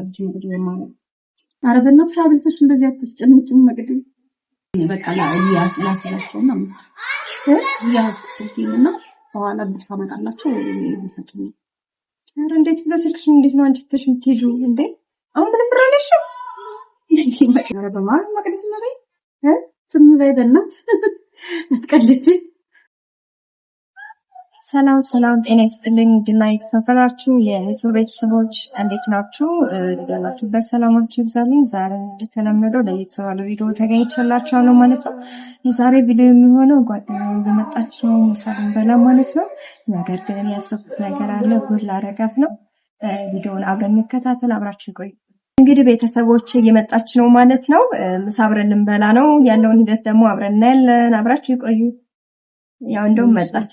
አልችም እንግዲህ የማለ ኧረ በእናትሽ አብልተሽ እንደዚህ አታስጨንቂኝ። እንግዲህ በቃ ና እያዝ ስልኬን እና በኋላ ኧረ እንዴት ብሎ ስልክሽን እንዴት ነው አንቺ ትተሽ የምትሄጂው እንዴ? አሁን ምንም ብር አለሽም መቅደስ ሰላም ሰላም፣ ጤና ይስጥልኝ ድና የተከፈላችሁ የህዝቡ ቤተሰቦች እንዴት ናችሁ? ያላችሁበት ሰላማችሁ ይብዛልኝ። ዛሬ እንደተለመደው ለየት ባለ ቪዲዮ ተገኝቼላችኋለሁ ማለት ነው። የዛሬ ቪዲዮ የሚሆነው ጓደኛ በመጣች ነው ምሳ ማለት ነው። ነገር ግን ያሰብኩት ነገር አለ፣ ጉድ ላረጋት ነው። ቪዲዮውን አብረን እንከታተል፣ አብራችን ቆይ። እንግዲህ ቤተሰቦች እየመጣች ነው ማለት ነው። ምሳ አብረን ልንበላ ነው። ያለውን ሂደት ደግሞ አብረን እናያለን። አብራችሁ ይቆዩ። ያው እንደውም መጣች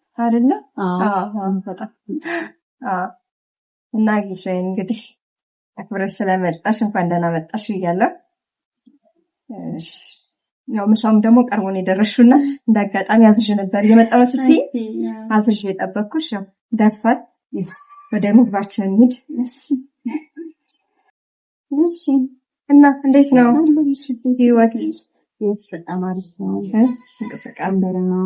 አይደለ? በጣም እና ጊዜ እንግዲህ አክብረሽ ስለመጣሽ እንኳን ደህና መጣሽ ብያለሁ። ያው ምሳውም ደግሞ ቀርቦን የደረሹና እንደ አጋጣሚ አዝዤ ነበር የመጣው ስትይ አዝዤ የጠበቅኩሽ ያው ደርሷል። ወደ ምግባችን እንሂድ። እሺ እና እንዴት ነው ህይወት? በጣም አሪፍ ነው። እንቅስቃሴ ነው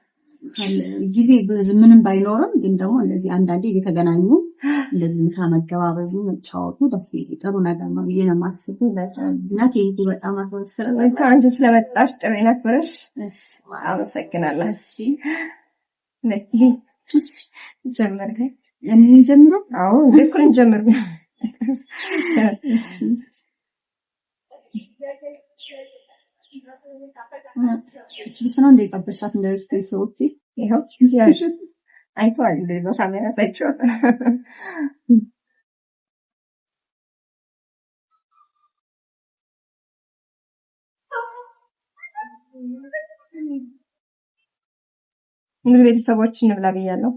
ጊዜ ምንም ባይኖርም ግን ደግሞ እንደዚህ አንዳንዴ እየተገናኙ እንደዚህ ምሳ መገባበዙ መጫወቱ ደስ ጥሩ ነገር ነው ብዬ ነው ማስቡ። ዝናት ይህ በጣም አመሰግናለሁ። አንቺ ስለመጣሽ ጥሩ ነበረሽ። አመሰግናለሁ። ጀምር ጀምሮ አዎ ልኩን ጀምር Thank እሱን አንዴ የጠበሻት እንዳይወስድ ቤተሰቦቼ ይኸው አይተዋል። እንደዚህ ቦታ እንግዲህ ቤተሰቦች እንብላ ብያለሁ።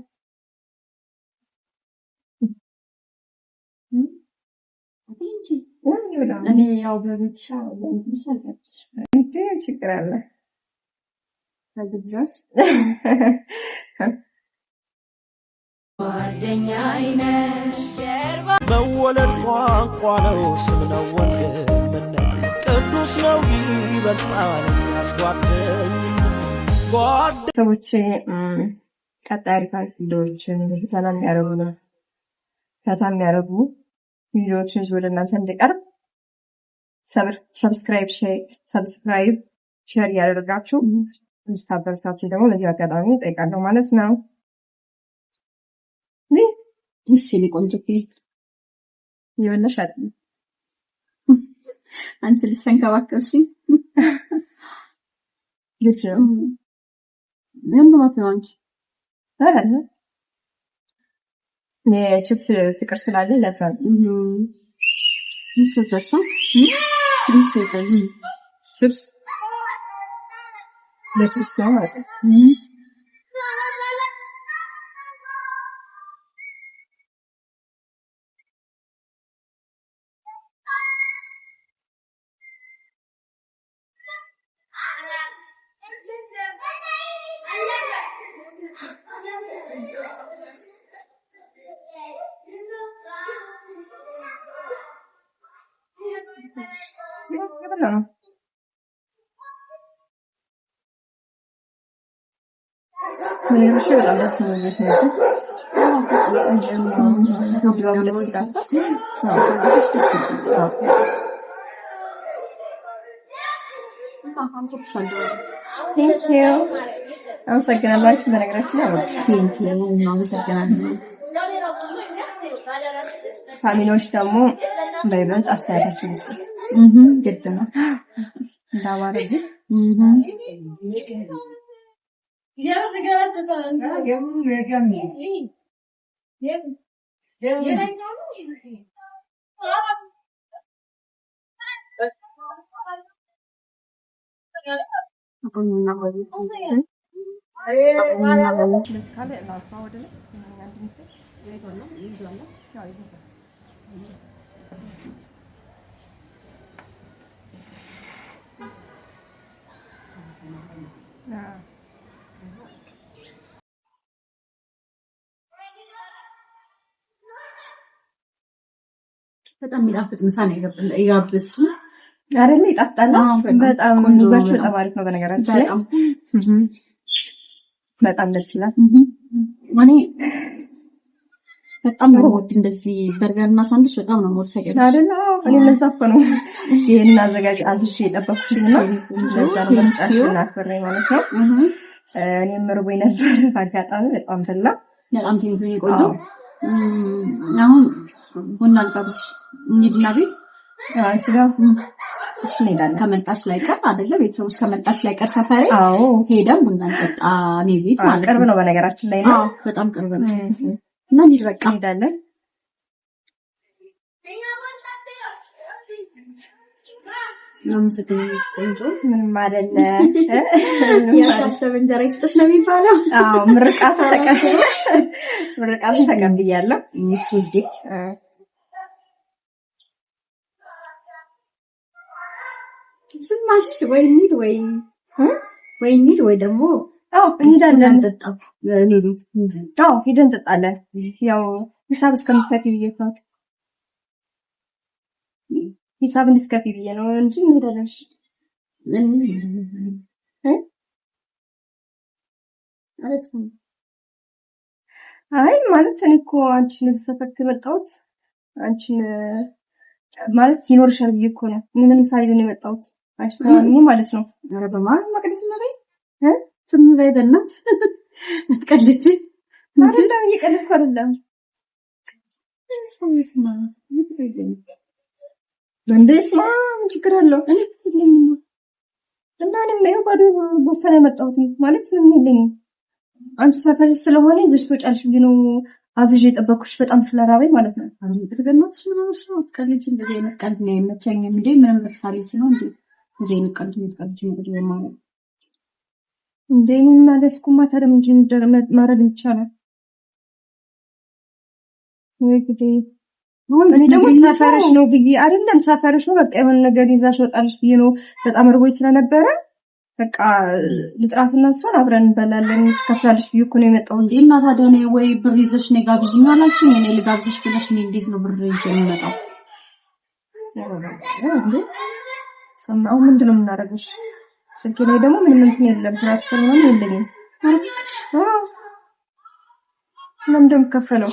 እኔ ያው በቤተሻ እንዴ ችግር አለ ግዛስ ጓደኛ አይነሽ መወለድ ቋንቋ ነው፣ ስም ነው፣ ወንድምነት ቅዱስ ነው፣ ይበልጣል ያስጓደኝ ሰዎች ቀጣይ ሪካል ቪዲዮዎችን እንግዲህ የሚያረጉ ነው ፈታ የሚያደርጉ ቪዲዮዎችን ወደ እናንተ እንዲቀርብ ሰብስክራይብ ሰብስክራይብ ሼር እያደረጋችሁ እንድታበረታቱኝ ደግሞ በዚህ አጋጣሚ እጠይቃለሁ ማለት ነው። ይህ ሊቆንጆ የበለሽ አይደለም አንቺ ልትሰንከባከብሽ ልጅ ምን ማለት ነው? አንቺ የችፕስ ፍቅር ስላለ ለዛ Süper. Chips. Ne chips ne vardı? Hı -hı. ya. Böyle bir şey var aslında üretmesi. Yok, yo hablo español. Thank you. Vamos a quedar lunch para gratinar. Thank you. Vamos a quedar. ፋሚሊዎች ደግሞ በይበልጥ አስተያየታችሁን ስጡ። ግድ ነው። እንዳማረኝ ካለ ራሷ ወደ ላይ በጣም የሚጣፍጥ ምሳ ነው የጋብስ አይደለ? ይጣፍጣል። በጣም ነው። በጣም አሪፍ ነው። በነገራችን ላይ በጣም ደስ ይላል። እኔ በጣም ነው ወድ እንደዚህ በርገርና ሳንዱች በጣም ነው ወድ አይደለ? እኔ ለዛ እኮ ነው ይሄን አዘጋጅ አዝዤ የጠበኩሽና ለዛ ነው ምርጫሽን አክብሬ ማለት ነው። እኔም ርቦኝ ነበር በአጋጣሚ በጣም በላ በጣም ቴንኪ ቆንጆ። አሁን ቡና ልጋብዝሽ እንሂድና ቤት አንቺ ጋር እሱ እንሄዳለን። ከመጣች ላይ ቀር አይደለ ቤተሰቦች ከመጣች ላይ ቀር ሰፈሬ ሄደን ቡና እንጠጣ እኔ ቤት ማለት ነው። ቅርብ ነው በነገራችን ላይ ነው። በጣም ቅርብ ነው እና እንሂድ በቃ እንሄዳለን። ቆንጆ ምንም አይደለ። ያልታሰበ እንጀራ ይስጥሽ ነው የሚባለው። አዎ ምርቃት ተቀብያለሁ። ዝም አልሽ ወይ ሚድ ወይ ወይ ሚድ ወይ ደግሞ እንሄዳለን። አዎ ሄደን እንጠጣለን። ያው ሂሳብ እስከምትከፍይ ሂሳብ እንድትከፊ ብዬ ነው እንጂ እንደደረሽ አይ ማለት እኔ እኮ አንቺን እዚህ ሰፈር የመጣሁት አንቺን ማለት ይኖርሻል ብዬ እኮ ነው። ምንም ሳይሆን የመጣሁት አንቺ ተማምኜ ማለት ነው። ኧረ በማን መቅደስ መረኝ እ ዝም በይ በእናትሽ አትቀልጂ። አይደለም እየቀለድኩ አይደለም። በስመ ችግር አለው እና እኔም ይኸው ባዶ ቦርሳ ነው የመጣሁት። ማለት ምንም የለኝም። አንቺ ሰፈር ስለሆነ ይዘሽ ትወጫለሽ ነው አዝዤ የጠበኩሽ በጣም ስለራበኝ ማለት ነው። በእናትሽ ምን ሆነሽ ነው? እንደዚህ አይነት ቀልድ ነው እንዴ ምንም ምሳሌ ነው እንዴ? እንደዚህ አይነት ቀልድ ነው ትቀልጂ። እንግዲህ እንዴ ይቻላል ወይ ግዴ ደግሞ ሰፈርሽ ነው ብዬ አይደለም፣ ሰፈርሽ ነው በቃ የሆነ ነገር ይዛሽ ወጣልሽ ብዬ ነው። በጣም እርቦች ስለነበረ በቃ ልጥራትና እሷን አብረን እንበላለን ከፍላለሽ ብዬ እኮ ነው የመጣሁት። እና ታዲያ እኔ ወይ ብር ይዘሽ እኔ ጋብዥኝ አላልሽኝ? እኔ ልጋብዝሽ ብለሽ እኔ እንዴት ነው ብር ይዤ የሚመጣው? ሰማሁ። ምንድን ነው የምናደርግሽ? ስልኬ ላይ ደግሞ ምንም እንትን የለም ትራንስፈር ምናምን የለኝም። ምንድን ነው የምከፈለው?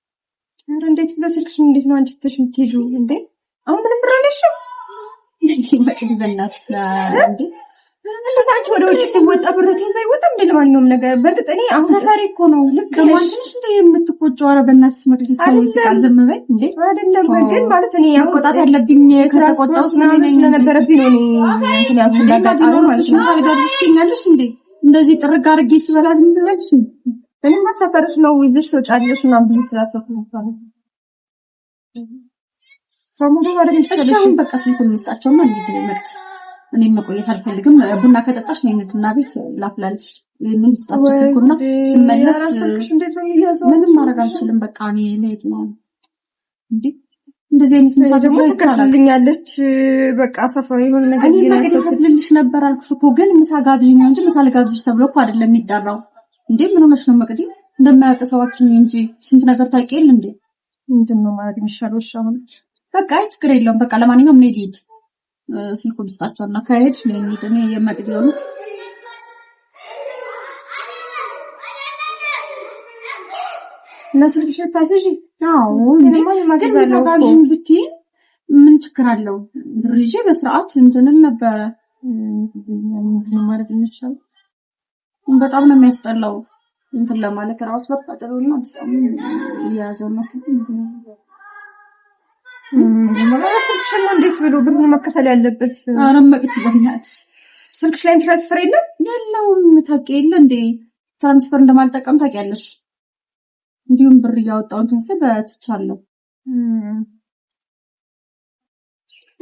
ኧረ እንዴት ብሎ ስልክሽን እንዴት ነው አንቺ ትተሽ የምትሄጂው? እንዴ አሁን ምንም ብር አለሽም እንዴ? መቅዲ በእናትሽ እንዴ አንቺ ወደ ውጭ ሲወጣ ብር ተይዞ አይወጣም እንዴ? ለማንኛውም ነገር በእርግጥ እኔ አሁን ሰፈሬ እኮ ነው ልክ ማሽንሽ እንደ የምትቆጨው። ኧረ በእናትሽ መቅዲ ሰው ዝም በይ እንዴ። አይደለም ግን ማለት እኔ መቆጣት አለብኝ ከተቆጣው ስለነበረብኝ ነው። እኔ እንትን ያልኩት እንዳጋጣሚ ማለት ነው። ሳልጋብዝሽ ትይኛለሽ እንዴ? እንደዚህ ጥርግ አድርጌ ስበላ ዝም ትበልሽ እኔማ ሰፈርሽ ነው ይዘሽ ትወጫለሽ ምናምን ብዬሽ ስላሰብኩ ነበር። ሰሞኑን በቃ ስልኩን ልስጣቸውና እንግዲህ መቅት እኔም መቆየት አልፈልግም። ቡና ከጠጣሽ ነይ እና ቤት ላፍላልሽ። ይህንን ልስጣቸው ስልኩና ስመለስ ምንም ማድረግ አልችልም። በቃ እኔ ልሄድ ነው እንዴ እንደዚህ አይነት ምሳ ደግሞ ትከፍልልኛለች። በቃ ሰፈር የሆነ ነገር እኔ ነበር አልኩሽ እኮ ግን ምሳ ጋብዥኝ እንጂ ምሳ ልጋብዝሽ ተብሎ እኮ አይደለም የሚጠራው እንዴ ምን ሆነሽ ነው መቅዲ? እንደማያውቅ ሰው አትሁኝ እንጂ ስንት ነገር ታውቂ የለ እንዴ? ምንድን ነው ማለት የሚሻለው? አሁን በቃ አይ ችግር የለውም። በቃ ለማንኛውም እኔ ልሂድ፣ ስልኩን ልስጣቸውና ከሄድ ሄድ እኔ የመቅዲ የሆኑት ለስልክሽ ታስይዥ ግን ብትይ ምን ችግር አለው? ብር ይዤ በስርዓት እንትንም ነበረ ማድረግ የሚሻለው በጣም ነው የሚያስጠላው። እንትን ለማለት ራሱ በቃ ጥሩ ነው። በጣም የያዘው መስሎኝ እንዴት ብሎ ግን መከፈል ያለበት አረመቅት ይገኛል። ስልክሽ ላይ ትራንስፈር የለም ያለውን ታውቂ የለ እንዴ? ትራንስፈር እንደማልጠቀም ታውቂያለሽ። እንዲሁም ብር እያወጣሁ እንትን በትቻለሁ።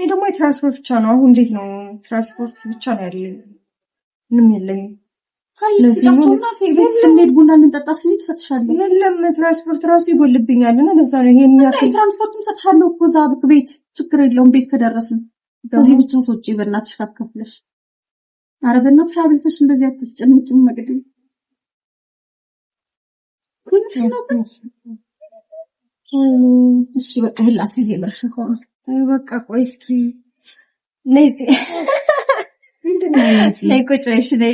እኔ ደግሞ የትራንስፖርት ብቻ ነው አሁን። እንዴት ነው ትራንስፖርት ብቻ ነው ያለኝ ምንም የለኝም። ስንሄድ ቡና ልንጠጣ ስንሄድ እሰጥሻለሁ። የለም ትራንስፖርት ራሱ ይጎልብኛል እና ለዛ ነው ይሄን ያክል ትራንስፖርትም እሰጥሻለሁ እኮ እዛ ቤት ችግር የለውም። ቤት ከደረስን ከዚህ ብቻ ስወጪ በእናትሽ ካስከፍለሽ። ኧረ በእናትሽ አብልተሽ እንደዚህ አታስጨንቂኝ። መቅድ እሺ በቃ ህላስ ጊዜ መርሽ ሆኑ በቃ ቆይ እስኪ ነይ ቁጭ ነሽ ነይ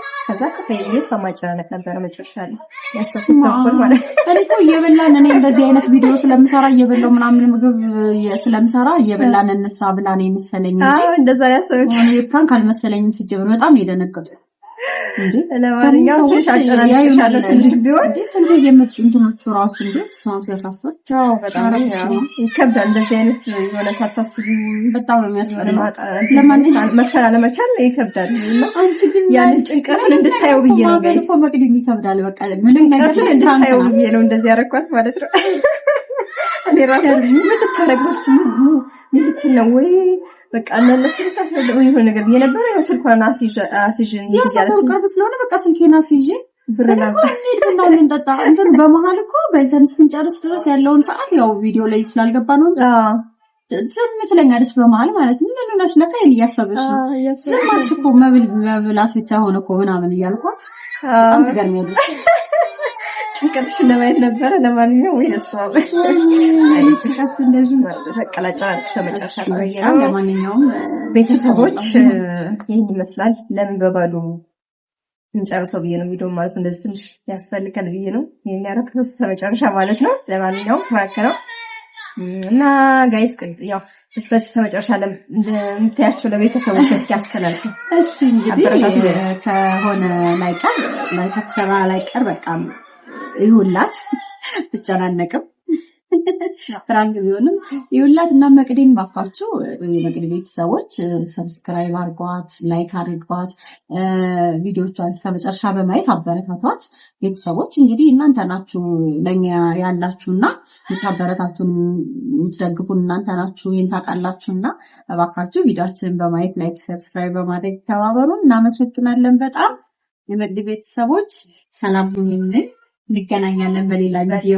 ከዛ ከፈይ እሷ ማጨናነቅ ነበር መጨረሻ ላይ ያሰብኩት ተንኮል ማለት እኔ እኮ እየበላን እኔ እንደዚህ አይነት ቪዲዮ ስለምሰራ እየበላው ምናምን ምግብ ስለምሰራ እየበላን እንስራ ብላ ነው የመሰለኝ እንጂ እንደዛ ያሰበች ፕራንክ አልመሰለኝም። ሲጀምር በጣም ነው የደነገጥኩት። ለማንኛውም ይከብዳል። እንደዚህ አይነት የሆነ ይከብዳል። እንድታየው ብዬ ነው እንደዚህ ያደረኳት ማለት ነው። ምን ልታረግ ነው? ምን ልትል ነው ወይ በቃ ነው ይሁን ነገር የነበረ ነው። ስልኳን ቅርብ ስለሆነ በቃ ስልኬን አስይዤ ልንጠጣ እንትን በመሀል እኮ በልተን እስክንጨርስ ድረስ ያለውን ሰዓት ያው ቪዲዮ ላይ ስላልገባ ነው እንጂ ዝም ትለኛለች በመሀል ማለት ነው። ምን ሆነሽ ለካ እያሰበች ነው። ዝም አልሽ እኮ መብላት ብቻ ሆነ እኮ ምናምን እያልኳት በጣም ትገርሚያለሽ። ጭንቅልሽ ለማየት ነበረ። ለማንኛውም ይነሳው ጭንቀት እንደዚህ ማለት ተቀላጫጭ ተመጫጫ ለማንኛውም ቤተሰቦች ይህን ይመስላል። ለምን በባሉ እንጨርሰው ብዬ ነው ቪዲዮ ማለት እንደዚህ ትንሽ ያስፈልጋል ብዬ ነው የሚያረክተው ተመጨረሻ ማለት ነው። ለማንኛውም ተመከረው እና ጋይስ ያው ስፐስ ተመጨረሻ ለምታያቸው ለቤተሰቦች እስኪ አስተላልፉ። እሺ እንግዲህ ከሆነ ላይቀር ላይ ከተሰራ ላይቀር በቃ ይሁላት ብጨናነቅም ፍራንግ ቢሆንም ይሁላት እና መቅደን ባካችሁ ቤት ሰዎች ሰብስክራይብ አርጓት፣ ላይክ አድርጓት፣ ቪዲዮቿን እስከ መጨረሻ በማየት አበረታቷት። ቤተሰቦች እንግዲህ እናንተ ናችሁ ለእኛ ያላችሁና የምታበረታቱን የምትደግፉን እናንተ ናችሁ። ይህን ታውቃላችሁና ባካችሁ ቪዲዮችን በማየት ላይክ፣ ሰብስክራይብ በማድረግ ተባበሩን። እናመሰግናለን በጣም የመቅድ ቤተሰቦች ሰላም ሁኑልን። እንገናኛለን በሌላ ቪዲዮ።